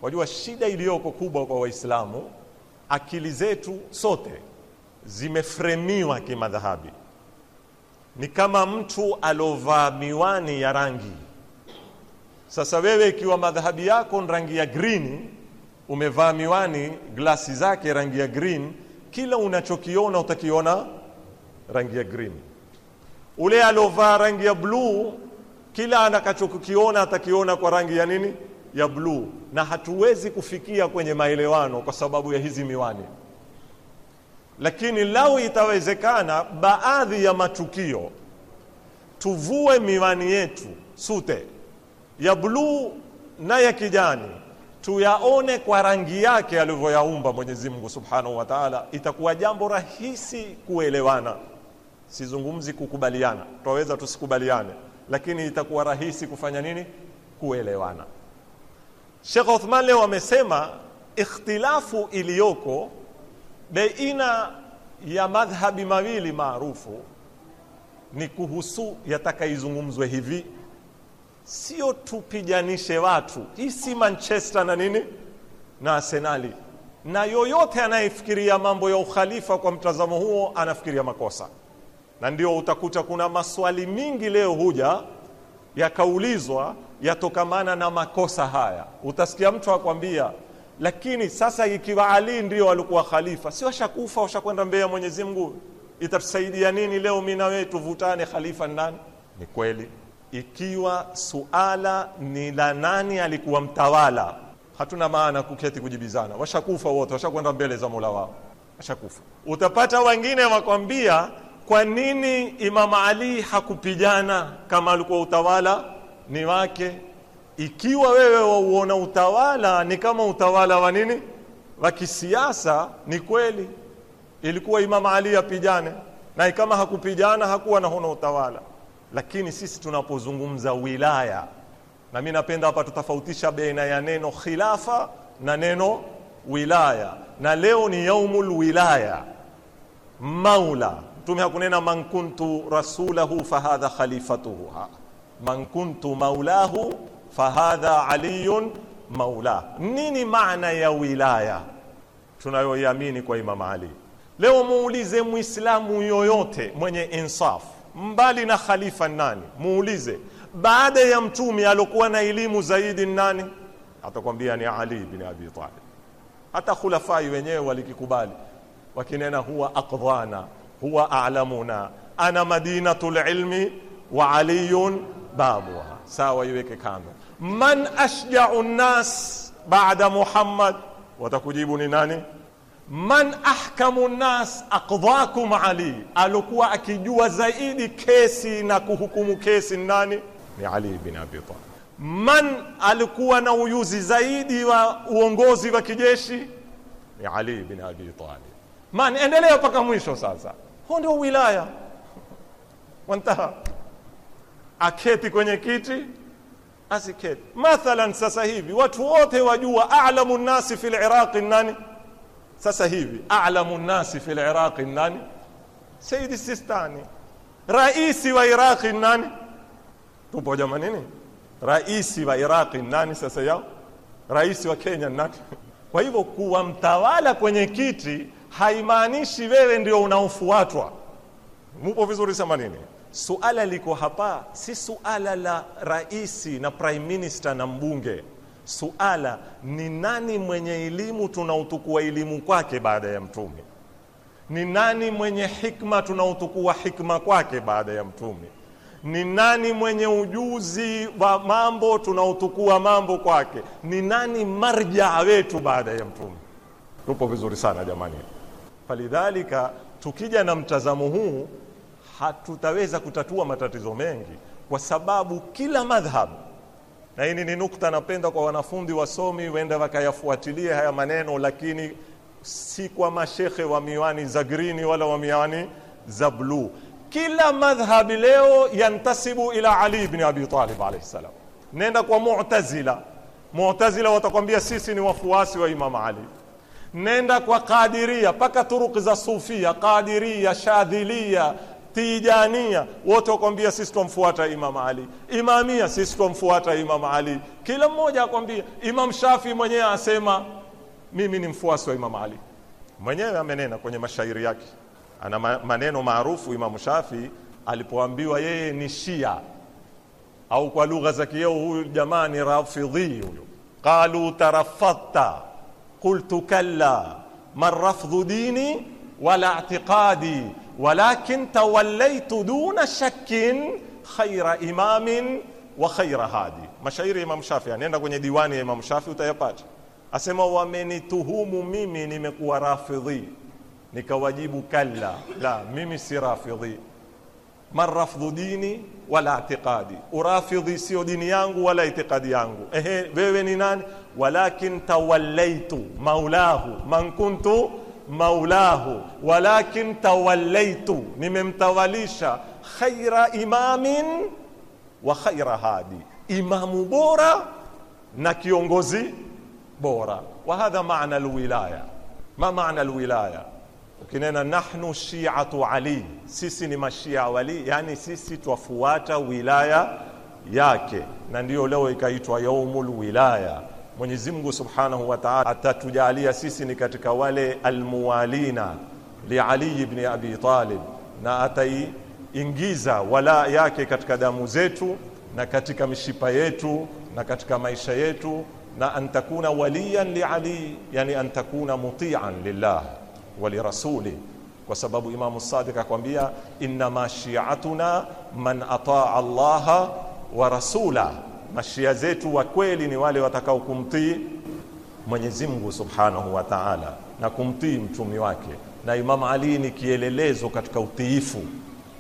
D: wajua shida iliyoko kubwa kwa waislamu akili zetu sote zimefremiwa kimadhahabi ni kama mtu alovaa miwani ya rangi. Sasa wewe ikiwa madhahabi yako rangi ya green, umevaa miwani glasi zake rangi ya green, kila unachokiona utakiona rangi ya green. Ule alovaa rangi ya bluu, kila anakachokiona atakiona kwa rangi ya nini? Ya bluu, na hatuwezi kufikia kwenye maelewano kwa sababu ya hizi miwani. Lakini lau itawezekana, baadhi ya matukio tuvue miwani yetu sute ya bluu na ya kijani, tuyaone kwa rangi yake alivyoyaumba Mwenyezi Mungu Subhanahu wa Ta'ala, itakuwa jambo rahisi kuelewana. Sizungumzi kukubaliana, twaweza tusikubaliane, lakini itakuwa rahisi kufanya nini? Kuelewana. Sheikh Uthman leo amesema ikhtilafu iliyoko beina ya madhhabi mawili maarufu ni kuhusu yatakaizungumzwe hivi, sio tupijanishe watu. Hii si Manchester na nini na Arsenali, na yoyote anayefikiria mambo ya ukhalifa kwa mtazamo huo anafikiria makosa, na ndio utakuta kuna maswali mingi leo huja yakaulizwa yatokamana na makosa haya. Utasikia mtu akwambia lakini sasa ikiwa Ali ndio alikuwa khalifa, si washakufa, washakwenda mbele ya Mwenyezi Mungu, itatusaidia nini leo mimi na wewe tuvutane khalifa nani? Ni kweli ikiwa suala ni la nani alikuwa mtawala, hatuna maana kuketi kujibizana. Washakufa wote, washakwenda mbele za Mola wao, washakufa. Utapata wengine wakwambia, kwa nini Imam Ali hakupigana kama alikuwa utawala ni wake? ikiwa wewe wauona utawala ni kama utawala wa nini wa kisiasa, ni kweli ilikuwa Imam Ali apijane na kama hakupijana hakuwa na huno utawala, lakini sisi tunapozungumza wilaya, na mimi napenda hapa tutafautisha baina ya neno khilafa na neno wilaya, na leo ni yaumul wilaya. Maula Mtume hakunena man kuntu rasulahu fahadha khalifatuhu, man kuntu maulahu fahadha aliyun maula. Nini maana ya wilaya tunayoiamini kwa Imam Ali? Leo muulize Muislamu yoyote mwenye insaf, mbali na khalifa nani, muulize baada ya mtume aliokuwa na elimu zaidi nani, atakwambia ni Ali bin Abi Talib. Hata khulafai wenyewe walikikubali wakinena, huwa aqdhana huwa a'lamuna ana madinatul ilmi wa aliyun babuha. Sawa, iweke kando man ashjau nnas bada Muhammad, watakujibu ni nani? Man ahkamu nnas aqdhakum Ali, alikuwa akijua zaidi kesi na kuhukumu kesi nani? Ni Ali bin Abi Talib. Man alikuwa na uyuzi zaidi wa uongozi wa kijeshi? Ni Ali bin Abi Talib. Man, endelea mpaka mwisho. Sasa huo ndio wilaya wantaha, aketi kwenye kiti azikeri. Mathalan, sasa hivi watu wote wajua a'lamu nnasi fil Iraq nani? Sasa hivi a'lamu nnasi fil Iraq nani? Sayyid Sistani. Raisi wa Iraqi nani? Tupo nini? Raisi wa Iraqi nani sasa yao? Raisi wa Kenya nani? Kwa hivyo kuwa mtawala kwenye kiti haimaanishi wewe ndio unaofuatwa. Mupo vizuri samanini? Suala liko hapa, si suala la raisi na prime minister na mbunge. Suala ni nani mwenye elimu, tunautukua elimu kwake baada ya mtume? Ni nani mwenye hikma, tunautukua hikma kwake baada ya mtume? Ni nani mwenye ujuzi wa mambo, tunautukua mambo kwake? Ni nani marja wetu baada ya mtume? Tupo vizuri sana jamani. Falidhalika, tukija na mtazamo huu hatutaweza kutatua matatizo mengi, kwa sababu kila madhhabu, na hii ni nukta napenda kwa wanafunzi wasomi wenda wakayafuatilie haya maneno, lakini si kwa mashekhe wa miwani za grini wala wa miwani za bluu. Kila madhhabi leo yantasibu ila Ali ibn Abi Talib alayhi salam. Nenda kwa Mu'tazila, Mu'tazila watakwambia sisi ni wafuasi wa Imam Ali. Nenda kwa Qadiria, mpaka turuki za Sufia, Qadiria, Shadhilia Tijania wote wakwambia sisi twamfuata Imam Ali, Imamia sisi twamfuata Imam Ali, kila mmoja akwambia. Imam Shafi mwenyewe asema mimi ni mfuasi wa Imam Ali, mwenyewe amenena kwenye mashairi yake. Ana maneno maarufu Imam Shafi alipoambiwa yeye ni Shia au kwa lugha za kieo, huyu jamaa ni rafidhi huyo. Qalu tarafatta qultu kalla man rafdhu dini wala i'tiqadi walakin tawallaitu duna shakkin khaira imamin wa khaira hadi. Mashairi ya Imam Shafi, nenda kwenye diwani ya Imam Shafi utayapata. Asema wamenituhumu mimi nimekuwa rafidhi, nikawajibu kalla la, mimi si rafidhi. Marafdhu dini wala itiqadi, urafidhi sio dini yangu wala itiqadi yangu. Ehe, wewe ni nani? Walakin tawallaitu maulahu man kuntu maulahu walakin tawallaitu, nimemtawalisha khaira imamin wa khaira hadi, imamu bora na kiongozi bora. Wa hadha maana alwilaya. Ma maana alwilaya? Ukinena nahnu shiatu Ali, sisi ni mashia wali, yani sisi twafuata wilaya yake, na ndiyo leo ikaitwa yaumul wilaya Mwenyezi Mungu Subhanahu wa Ta'ala atatujalia sisi ni katika wale almuwalina li Ali ibn Abi Talib, na ataiingiza wala yake katika damu zetu na katika mishipa yetu na katika maisha yetu, na antakuna waliyan li Ali, yani antakuna mutian lillah wa li rasuli, kwa sababu Imamu Sadiq akwambia, inna ma shi'atuna man ataa Allaha wa rasula mashia zetu wa kweli ni wale watakao kumtii Mwenyezi Mungu Subhanahu wa Ta'ala na kumtii mtumi wake, na Imam Ali ni kielelezo katika utiifu,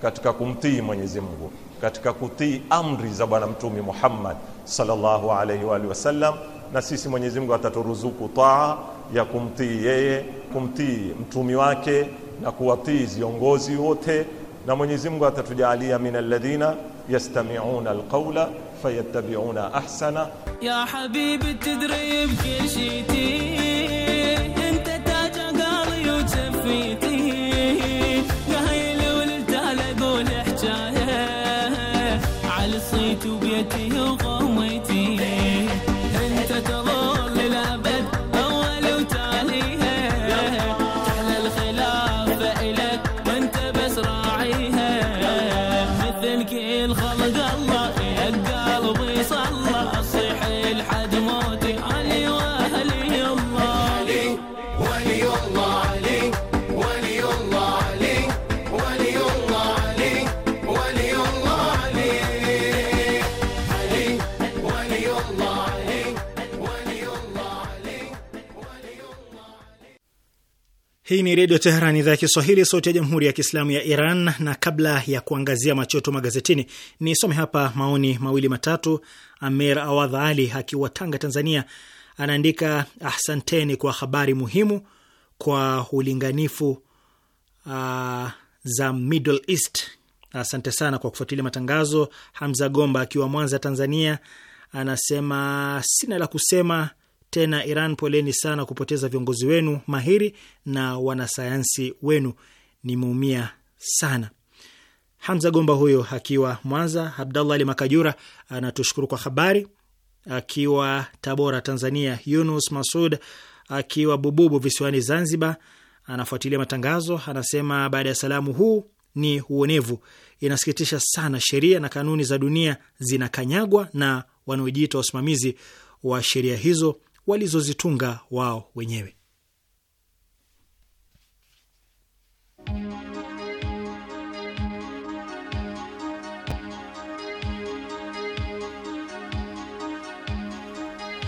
D: katika kumtii Mwenyezi Mungu, katika kutii amri za bwana mtumi Muhammad sallallahu alayhi wa alihi wasallam. Na sisi Mwenyezi Mungu ataturuzuku taa ya kumtii yeye, kumtii mtumi wake na kuwatii viongozi wote, na Mwenyezi Mungu atatujalia min alladhina yastami'una alqawla فيتبعون أحسن
C: يا حبيبي تدري بكل شيتي انت تاج عقالي وتفيتي قايل ولد على قول على الصيت وبيتي وغالي
B: Hii ni Redio Teheran, idhaa ya Kiswahili, sauti ya Jamhuri ya Kiislamu ya Iran. Na kabla ya kuangazia machoto magazetini, nisome hapa maoni mawili matatu. Amir Awadh Ali akiwa Tanga, Tanzania, anaandika ahsanteni kwa habari muhimu kwa ulinganifu uh, za Middle East. Asante sana kwa kufuatilia matangazo. Hamza Gomba akiwa Mwanza, Tanzania, anasema sina la kusema tena Iran, poleni sana kupoteza viongozi wenu mahiri na wanasayansi wenu, nimeumia sana. Hamza Gomba huyo akiwa Mwanza. Abdallah Ali Makajura anatushukuru kwa habari akiwa Tabora, Tanzania. Yunus Masud akiwa Bububu visiwani Zanzibar anafuatilia matangazo, anasema baada ya salamu, huu ni uonevu, inasikitisha sana. Sheria na kanuni za dunia zinakanyagwa na wanaojiita wasimamizi wa sheria hizo walizozitunga wao wenyewe.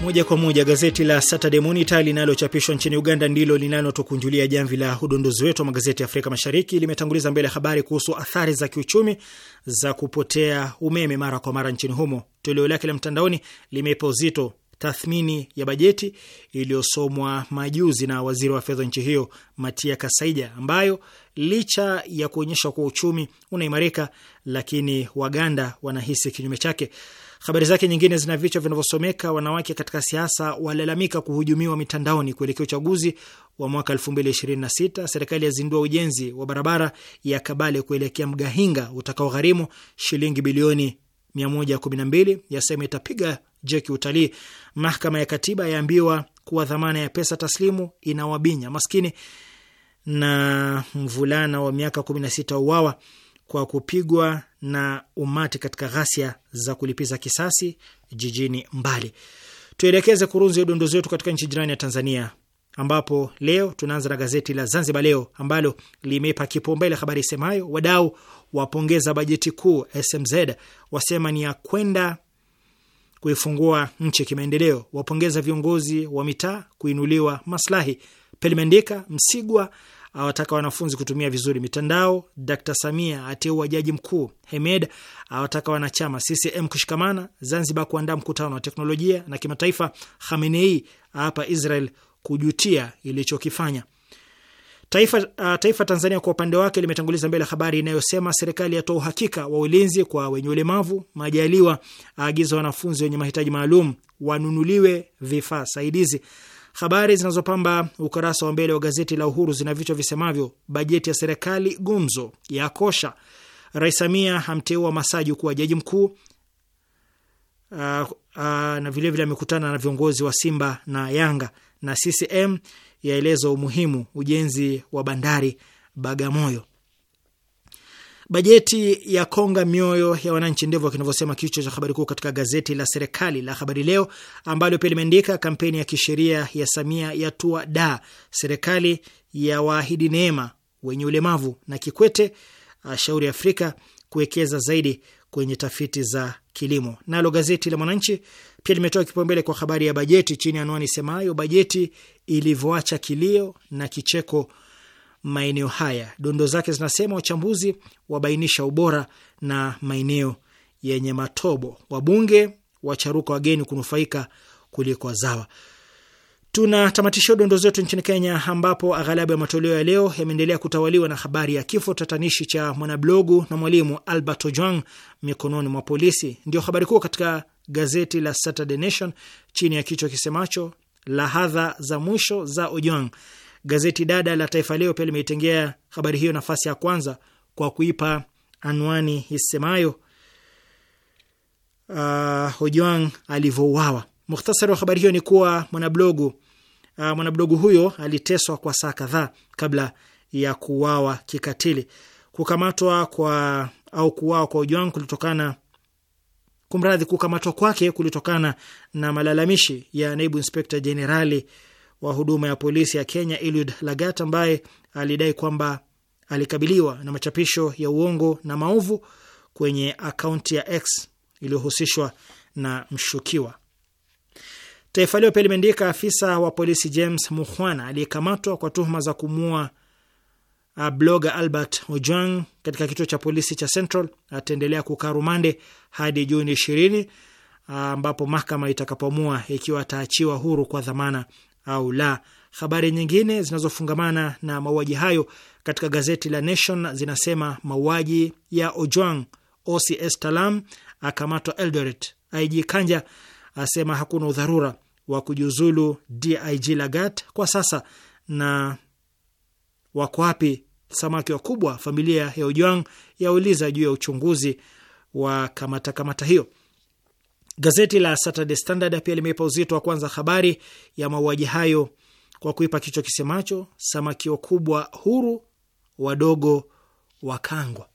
B: Moja kwa moja gazeti la Saturday Monitor linalochapishwa nchini Uganda ndilo linalotukunjulia jamvi la udondozi wetu wa magazeti ya Afrika Mashariki. Limetanguliza mbele habari kuhusu athari za kiuchumi za kupotea umeme mara kwa mara nchini humo. Toleo lake la mtandaoni limeipa uzito tathmini ya bajeti iliyosomwa majuzi na waziri wa fedha nchi hiyo Matia Kasaija, ambayo licha ya kuonyesha kuwa uchumi unaimarika, lakini Waganda wanahisi kinyume chake. Habari zake nyingine zina vichwa vinavyosomeka: wanawake katika siasa walalamika kuhujumiwa mitandaoni kuelekea uchaguzi wa mwaka 2026; serikali yazindua ujenzi wa barabara ya Kabale kuelekea Mgahinga utakaogharimu shilingi bilioni 112; yasema itapiga je kiutalii. Mahakama ya Katiba yaambiwa kuwa dhamana ya pesa taslimu inawabinya maskini. Na mvulana wa miaka kumi na sita uawa kwa kupigwa na umati katika ghasia za kulipiza kisasi jijini Mbali. Tuelekeze kurunzi ya udondozi wetu katika nchi jirani ya Tanzania, ambapo leo tunaanza na gazeti la Zanzibar Leo ambalo limeipa kipaumbele habari isemayo wadau wapongeza bajeti kuu, SMZ wasema ni ya kwenda kuifungua nchi kimaendeleo, wapongeza viongozi wa mitaa kuinuliwa maslahi. Pelimendika Msigwa awataka wanafunzi kutumia vizuri mitandao. Dr Samia ateua jaji mkuu. Hemed awataka wanachama CCM kushikamana. Zanzibar kuandaa mkutano wa teknolojia na kimataifa. Khamenei hapa Israel kujutia ilichokifanya. Taifa, uh, Taifa Tanzania kwa upande wake limetanguliza mbele habari inayosema serikali yatoa uhakika wa ulinzi kwa wenye ulemavu. Majaliwa aagiza wanafunzi wenye mahitaji maalum wanunuliwe vifaa saidizi. Habari zinazopamba ukurasa wa mbele wa gazeti la Uhuru zina vichwa visemavyo: bajeti ya serikali gumzo ya kosha, Rais Samia amteua Masaju kuwa jaji mkuu, uh, uh, na vilevile amekutana na viongozi wa Simba na Yanga na CCM yaeleza umuhimu ujenzi wa bandari Bagamoyo. Bajeti ya konga mioyo ya wananchi, ndivyo kinavyosema kichwa cha habari kuu katika gazeti la serikali la Habari Leo, ambalo pia limeandika kampeni ya kisheria ya Samia yatua da, serikali ya waahidi neema wenye ulemavu, na Kikwete ashauri Afrika kuwekeza zaidi kwenye tafiti za kilimo. Nalo gazeti la Mwananchi pia limetoa kipaumbele kwa habari ya bajeti chini ya anwani semayo bajeti ilivyoacha kilio na kicheko maeneo haya. Dondo zake zinasema wachambuzi wabainisha ubora na maeneo yenye matobo, wabunge wacharuka wageni kunufaika kuliko wazawa. Tunatamatisha dondoo zetu nchini Kenya, ambapo aghalabu ya matoleo ya leo yameendelea kutawaliwa na habari ya kifo tatanishi cha mwanablogu na mwalimu Albert Ojwang mikononi mwa polisi. Ndio habari kuu katika gazeti la Saturday Nation chini ya kichwa kisemacho lahadha za mwisho za Ojwang. Gazeti dada la Taifa Leo pia limeitengea habari hiyo nafasi ya kwanza kwa kuipa anwani isemayo uh, Ojwang alivyouawa. Mukhtasari wa habari hiyo ni kuwa mwanablogu Uh, ah, mwanablogu huyo aliteswa kwa saa kadhaa kabla ya kuuawa kikatili. Kukamatwa kwa au kuuawa kwa Ojwang kulitokana kumradhi, kukamatwa kwake kulitokana na malalamishi ya naibu inspekta jenerali wa huduma ya polisi ya Kenya Eliud Lagat ambaye alidai kwamba alikabiliwa na machapisho ya uongo na maovu kwenye akaunti ya X iliyohusishwa na mshukiwa. Taifa Leo pia limeandika afisa wa polisi James Mukhwana aliyekamatwa kwa tuhuma za kumua uh, bloga Albert Ojwang katika kituo cha polisi cha Central ataendelea kukaa rumande hadi Juni ishirini uh, ambapo mahakama itakapoamua ikiwa ataachiwa huru kwa dhamana au la. Habari nyingine zinazofungamana na mauaji hayo katika gazeti la Nation zinasema mauaji ya Ojwang, OCS Talam akamatwa Eldoret, IG Kanja asema hakuna udharura, wa kujiuzulu DIG Lagat kwa sasa na wako wapi samaki wakubwa? Familia ya Ojwang yauliza juu ya uchunguzi wa kamata kamata hiyo. Gazeti la Saturday Standard pia limeipa uzito wa kwanza habari ya mauaji hayo kwa kuipa kichwa kisemacho samaki wakubwa huru, wadogo wakangwa.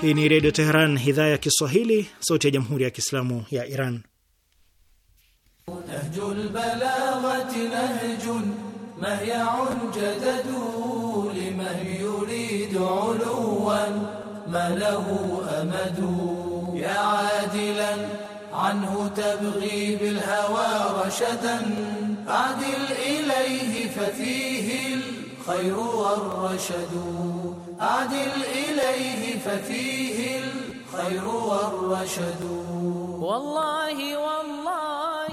B: Hii ni Redio Teheran, idhaa ya Kiswahili, sauti ya Jamhuri ya Kiislamu ya Iran.
A: أعدل
C: إليه ففيه الخير والرشد والله والله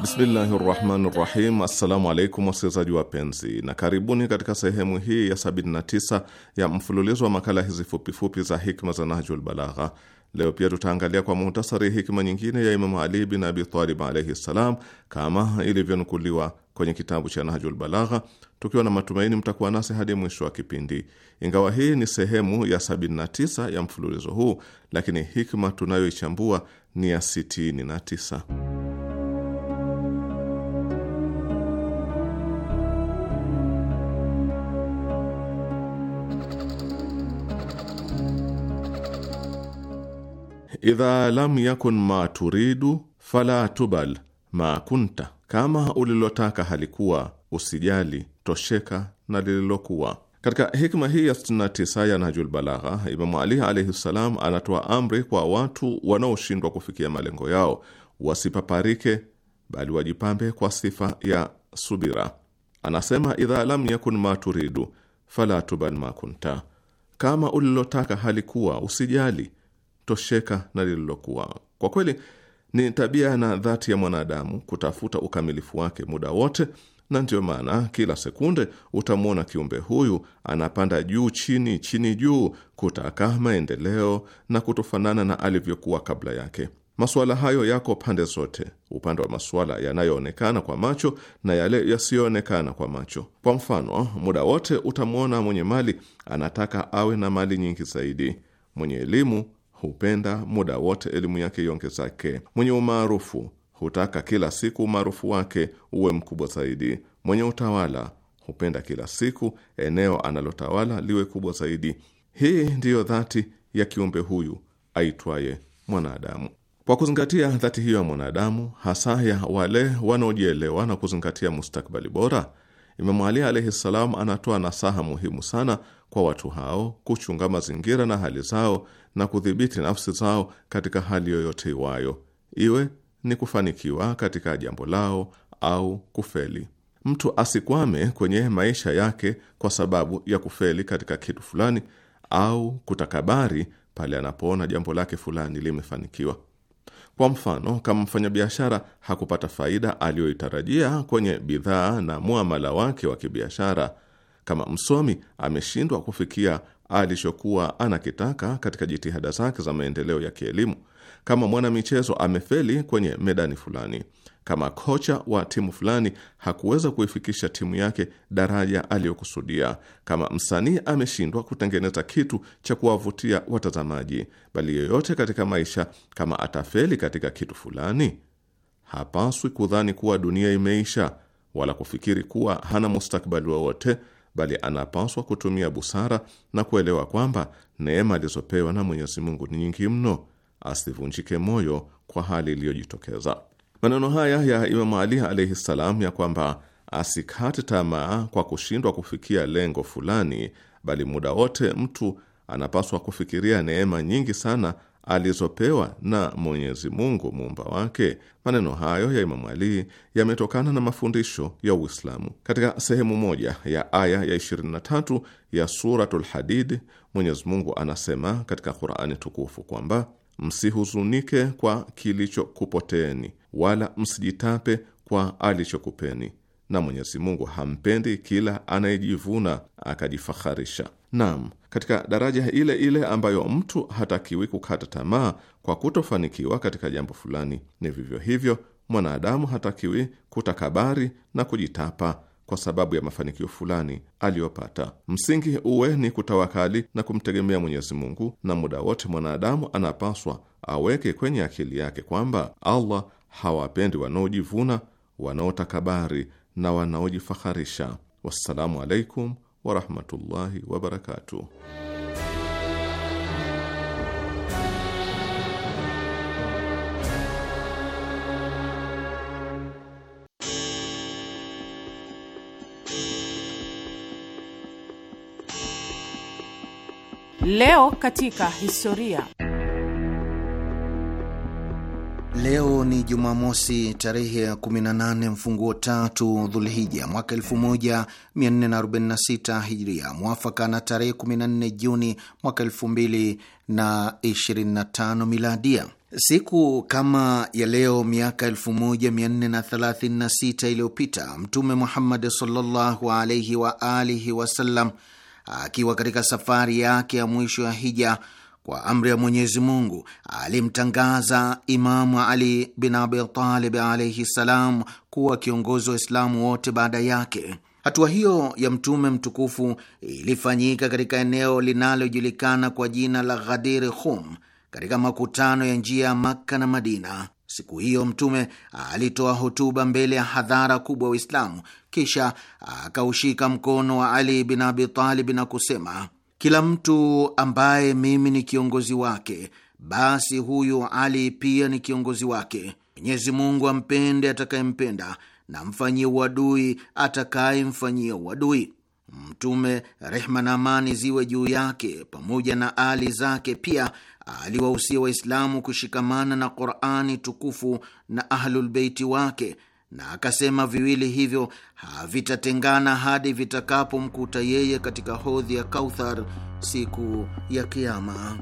E: Bismillahi rahmani rahim. Assalamu alaikum wasikilizaji wapenzi, na karibuni katika sehemu hii ya 79 ya mfululizo wa makala hizi fupifupi za hikma za Nahjul Balagha. Leo pia tutaangalia kwa muhtasari hikma nyingine ya Imamu Ali bin Abi Talib alaihi ssalam, kama ilivyonukuliwa kwenye kitabu cha Nahjul Balagha tukiwa na matumaini mtakuwa nasi hadi mwisho wa kipindi. Ingawa hii ni sehemu ya 79 ya mfululizo huu, lakini hikma tunayoichambua ni ya 69. Idha lam yakun ma turidu fala tubal ma kunta, kama ulilotaka halikuwa usijali, tosheka na lililokuwa. Katika hikma hii ya 69 ya Nahjul Balagha, Imamu Ali alaihi ssalam anatoa amri kwa watu wanaoshindwa kufikia malengo yao wasipaparike, bali wajipambe kwa sifa ya subira. Anasema, idha lam yakun maturidu fala tubal kunta, kama ulilotaka halikuwa usijali, tosheka na lililokuwa. Kwa kweli ni tabia na dhati ya mwanadamu kutafuta ukamilifu wake muda wote na ndiyo maana kila sekunde utamwona kiumbe huyu anapanda juu chini chini juu, kutaka maendeleo na kutofanana na alivyokuwa kabla yake. Masuala hayo yako pande zote, upande wa masuala yanayoonekana kwa macho na yale yasiyoonekana kwa macho. Kwa mfano, muda wote utamwona mwenye mali anataka awe na mali nyingi zaidi, mwenye elimu hupenda muda wote elimu yake iongezake, mwenye umaarufu hutaka kila siku umaarufu wake uwe mkubwa zaidi. Mwenye utawala hupenda kila siku eneo analotawala liwe kubwa zaidi. Hii ndiyo dhati ya kiumbe huyu aitwaye mwanadamu. Kwa kuzingatia dhati hiyo ya mwanadamu, hasa ya wale wanaojielewa na kuzingatia mustakbali bora, Imamu Ali alaihi ssalam anatoa nasaha muhimu sana kwa watu hao kuchunga mazingira na hali zao na kudhibiti nafsi zao katika hali yoyote iwayo, iwe ni kufanikiwa katika jambo lao au kufeli. Mtu asikwame kwenye maisha yake kwa sababu ya kufeli katika kitu fulani au kutakabari pale anapoona jambo lake fulani limefanikiwa. Kwa mfano, kama mfanyabiashara hakupata faida aliyoitarajia kwenye bidhaa na muamala wake wa kibiashara, kama msomi ameshindwa kufikia alichokuwa anakitaka katika jitihada zake za maendeleo ya kielimu kama mwanamichezo amefeli kwenye medani fulani, kama kocha wa timu fulani hakuweza kuifikisha timu yake daraja aliyokusudia, kama msanii ameshindwa kutengeneza kitu cha kuwavutia watazamaji, bali yoyote katika maisha, kama atafeli katika kitu fulani, hapaswi kudhani kuwa dunia imeisha wala kufikiri kuwa hana mustakbali wowote, bali anapaswa kutumia busara na kuelewa kwamba neema alizopewa na Mwenyezi Mungu ni nyingi mno asivunjike moyo kwa hali iliyojitokeza. Maneno haya ya Imamu Ali alaihi ssalam ya kwamba asikate tamaa kwa kushindwa kufikia lengo fulani, bali muda wote mtu anapaswa kufikiria neema nyingi sana alizopewa na Mwenyezi Mungu muumba wake. Maneno hayo ya Imamu Ali yametokana na mafundisho ya Uislamu. Katika sehemu moja ya aya ya 23 ya Suratul Hadid, Mwenyezi Mungu anasema katika Qur'ani tukufu kwamba msihuzunike kwa kilichokupoteeni wala msijitape kwa alichokupeni, na Mwenyezi Mungu hampendi kila anayejivuna akajifaharisha. Naam, katika daraja ile ile ambayo mtu hatakiwi kukata tamaa kwa kutofanikiwa katika jambo fulani, ni vivyo hivyo mwanadamu hatakiwi kutakabari na kujitapa kwa sababu ya mafanikio fulani aliyopata. Msingi uwe ni kutawakali na kumtegemea Mwenyezi Mungu, na muda wote mwanadamu anapaswa aweke kwenye akili yake kwamba Allah hawapendi wanaojivuna, wanaotakabari na wanaojifaharisha. Wassalamu alaikum warahmatullahi wabarakatuh.
C: Leo katika historia.
F: Leo ni Jumamosi tarehe ya 18 mfunguo tatu Dhulhija mwaka 1446 Hijria, mwafaka na tarehe 14 Juni mwaka 2025 Miladia. Siku kama ya leo miaka 1436 iliyopita Mtume Muhammad sallallahu alaihi wa alihi wasallam akiwa katika safari yake ya mwisho ya hija kwa amri ya Mwenyezi Mungu alimtangaza Imamu Ali bin Abi Talib alaihi ssalam kuwa kiongozi wa islamu wote baada yake. Hatua hiyo ya Mtume mtukufu ilifanyika katika eneo linalojulikana kwa jina la Ghadir Khum, katika makutano ya njia ya Makka na Madina. Siku hiyo Mtume alitoa hotuba mbele ya hadhara kubwa Waislamu, kisha akaushika mkono wa Ali bin Abi Talib na kusema, kila mtu ambaye mimi ni kiongozi wake, basi huyu Ali pia ni kiongozi wake. Mwenyezi Mungu ampende atakayempenda na mfanyie uadui atakayemfanyia uadui. Mtume, rehma na amani ziwe juu yake, pamoja na Ali zake pia aliwahusia Waislamu kushikamana na Qurani tukufu na Ahlulbeiti wake na akasema viwili hivyo havitatengana hadi vitakapomkuta yeye katika hodhi ya Kauthar siku ya Kiama.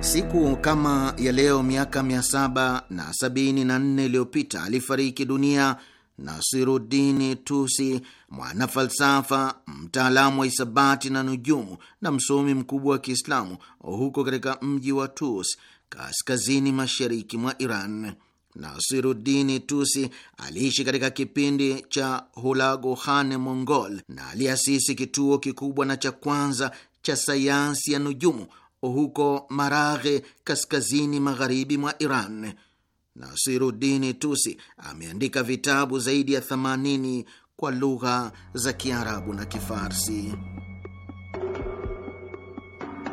F: Siku kama ya leo miaka 774 iliyopita alifariki dunia Nasirudini Tusi, mwanafalsafa mtaalamu wa hisabati na nujumu na msomi mkubwa wa Kiislamu, huko katika mji wa Tus kaskazini mashariki mwa Iran. Nasirudini Tusi aliishi katika kipindi cha Hulagu Khan Mongol na aliasisi kituo kikubwa na cha kwanza cha sayansi ya nujumu huko Maraghe, kaskazini magharibi mwa Iran. Nasirudini Tusi ameandika vitabu zaidi ya 80 kwa lugha za Kiarabu na Kifarsi.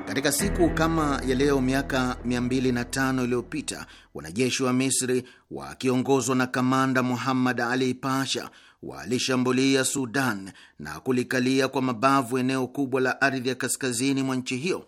F: Katika siku kama ya leo miaka 205 iliyopita wanajeshi wa Misri wakiongozwa na kamanda Muhammad Ali Pasha walishambulia Sudan na kulikalia kwa mabavu eneo kubwa la ardhi ya kaskazini mwa nchi hiyo.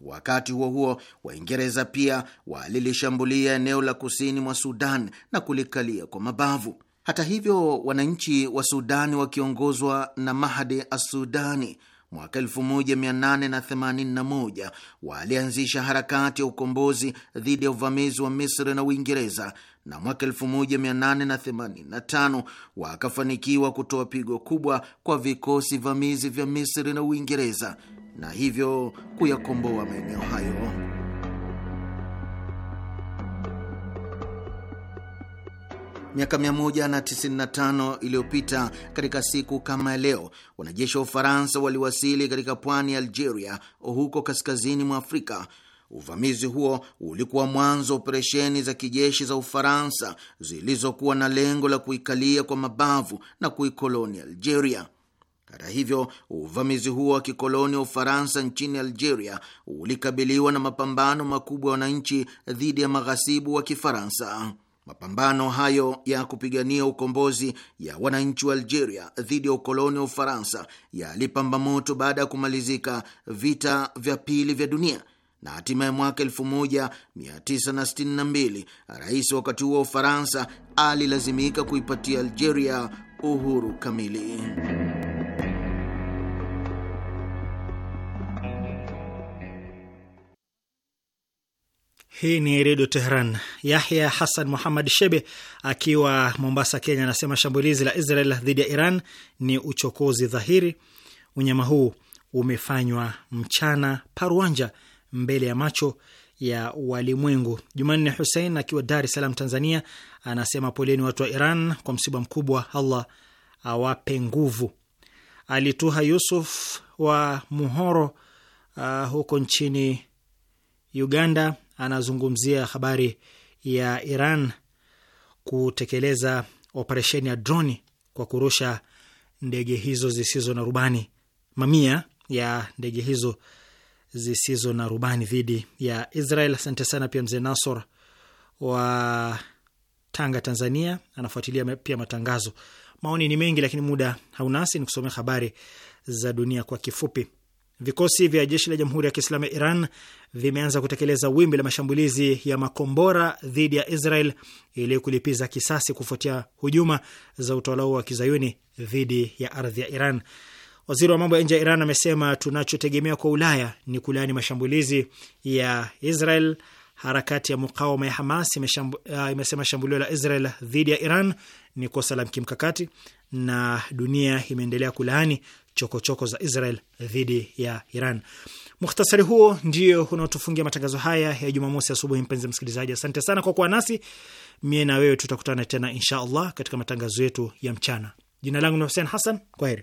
F: Wakati huo huo, Waingereza pia walilishambulia eneo la kusini mwa Sudan na kulikalia kwa mabavu. Hata hivyo, wananchi wa Sudani wakiongozwa na Mahdi Assudani mwaka 1881 walianzisha harakati ya ukombozi dhidi ya uvamizi wa Misri na Uingereza, na mwaka 1885 wakafanikiwa kutoa pigo kubwa kwa vikosi vamizi vya Misri na Uingereza na hivyo kuyakomboa maeneo hayo. Miaka 195 iliyopita katika siku kama leo, wanajeshi wa Ufaransa waliwasili katika pwani ya Algeria, huko kaskazini mwa Afrika. Uvamizi huo ulikuwa mwanzo wa operesheni za kijeshi za Ufaransa zilizokuwa na lengo la kuikalia kwa mabavu na kuikoloni Algeria. Hata hivyo, uvamizi huo wa kikoloni wa Ufaransa nchini Algeria ulikabiliwa na mapambano makubwa ya wananchi dhidi ya maghasibu wa Kifaransa. Mapambano hayo ya kupigania ukombozi ya wananchi wa Algeria dhidi ya ukoloni wa Ufaransa yalipamba moto baada ya kumalizika vita vya pili vya dunia na hatimaye mwaka 1962 rais wakati huo wa Ufaransa alilazimika kuipatia Algeria uhuru kamili. Hii
B: ni Redio Tehran. Yahya Hassan Muhammad Shebe akiwa Mombasa, Kenya, anasema shambulizi la Israel dhidi ya Iran ni uchokozi dhahiri. Unyama huu umefanywa mchana paruanja, mbele ya macho ya walimwengu. Jumanne Husein akiwa Dar es Salaam, Tanzania, anasema poleni watu wa Iran kwa msiba mkubwa, Allah awape nguvu. Alituha Yusuf wa Muhoro uh, huko nchini Uganda anazungumzia habari ya Iran kutekeleza operesheni ya droni kwa kurusha ndege hizo zisizo na rubani, mamia ya ndege hizo zisizo na rubani dhidi ya Israel. Asante sana pia mzee Nasor wa Tanga, Tanzania, anafuatilia pia matangazo. Maoni ni mengi, lakini muda haunasi. Ni kusomea habari za dunia kwa kifupi. Vikosi vya jeshi la Jamhuri ya Kiislamu ya Iran vimeanza kutekeleza wimbi la mashambulizi ya makombora dhidi ya Israel ili kulipiza kisasi kufuatia hujuma za utawala huo wa kizayuni dhidi ya ardhi ya Iran. Waziri wa mambo ya nje ya Iran amesema tunachotegemea kwa Ulaya ni kulaani mashambulizi ya Israel. Harakati ya mukawama ya Hamas uh, imesema shambulio la Israel dhidi ya Iran ni kosa la kimkakati na dunia imeendelea kulaani chokochoko choko za Israel dhidi ya Iran. Mukhtasari huo ndio unaotufungia matangazo haya ya Jumamosi asubuhi. Mpenzi msikilizaji, asante sana kwa kuwa nasi. Mie na wewe tutakutana tena insha allah katika matangazo yetu ya mchana. Jina langu ni Hussein Hassan, kwa heri.